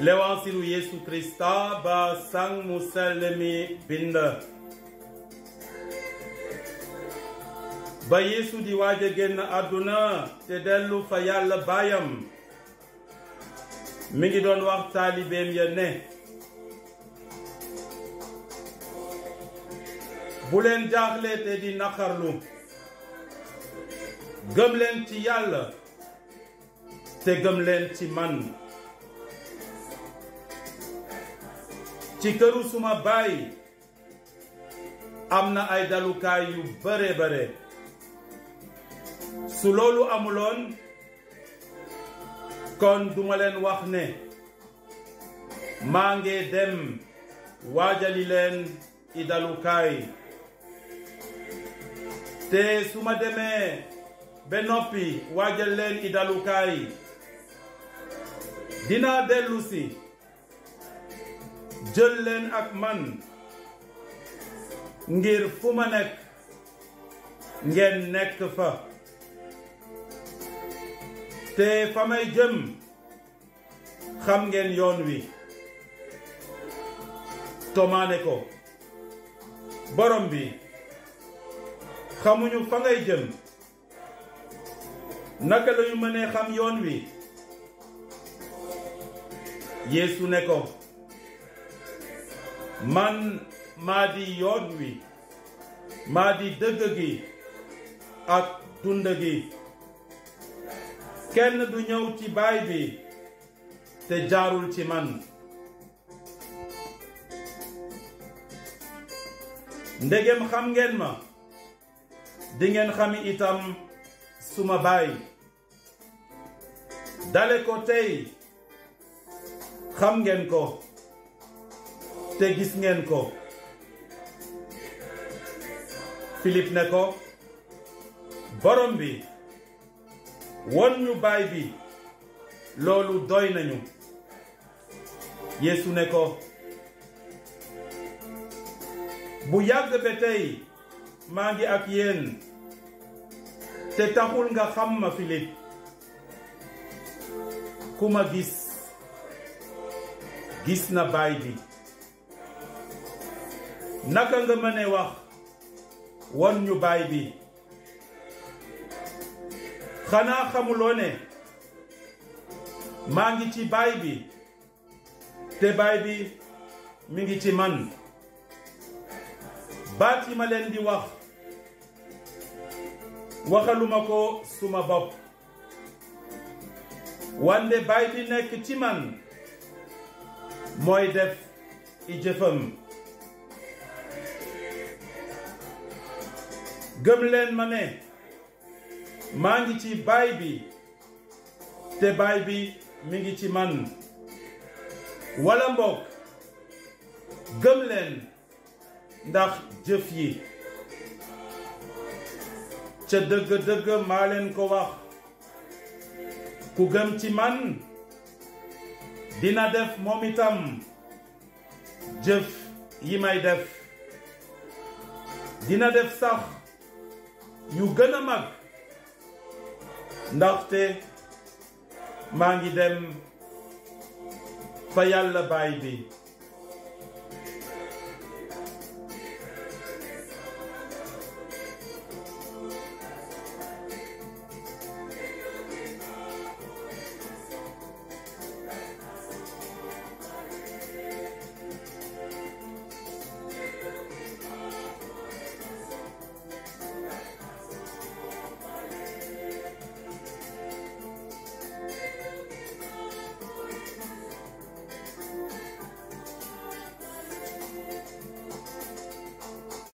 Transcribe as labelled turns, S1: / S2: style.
S1: lewansiru yeesu krista ba sang mu sell mi bind ba yeesu di waaj génn àdduna te dellu fa yàlla baayam mi ngi doon wax taalibeem ya ne bu leen jaaxle te di naqarlu gëm ci yàlla te gëm ci man ci këru suma baay am na ay dalukaay yu bare bare su loolu amuloon kon duma leen wax ne maa ngi dem waajali leen i dalukaay te su ma demee ba noppi waajal leen i dalukaay dinaa dellusi jël leen ak man ngir fu ma nekk ngeen nekk fa te fa may jëm xam ngeen yoon wi Toma ko borom bi xamuñu fa ngay jëm naka lañu mënee xam yoon wi Yeesu ne ko man maa di yoon wi maa di dëgg gi ak dund gi kenn du ñëw ci baay bi te jaarul ci man ndegem xam ngeen ma di xami itam suma baay dale ko tey xam ngeen ko te gis ngeen ko Philippe ne ko borom bi won ñu baay bi loolu doy nañu Yeesu ne ko bu yàgg ba tey maa ngi ak yéen te taxul nga xam ma Philippe ku ma gis gis na baay bi naka nga mënee wax wan ñu baay bi xanaa xamuloo maa ngi ci baay bi te baay bi mi ngi ci man baat yi ma leen di wax waxaluma suma bopp wande baay bi nekk ci man mooy def i jëfam gëm leen ma ne maa ngi ci baay bi te baay bi mi ngi ci man wala mbokk gëm ndax jëf yi ca dëgg-dëgg maa leen ko wax ku gëm ci man dina def moom itam jëf yi may def dina def sax yu gën a mag ndaxte maa ngi dem fa yàlla baay bi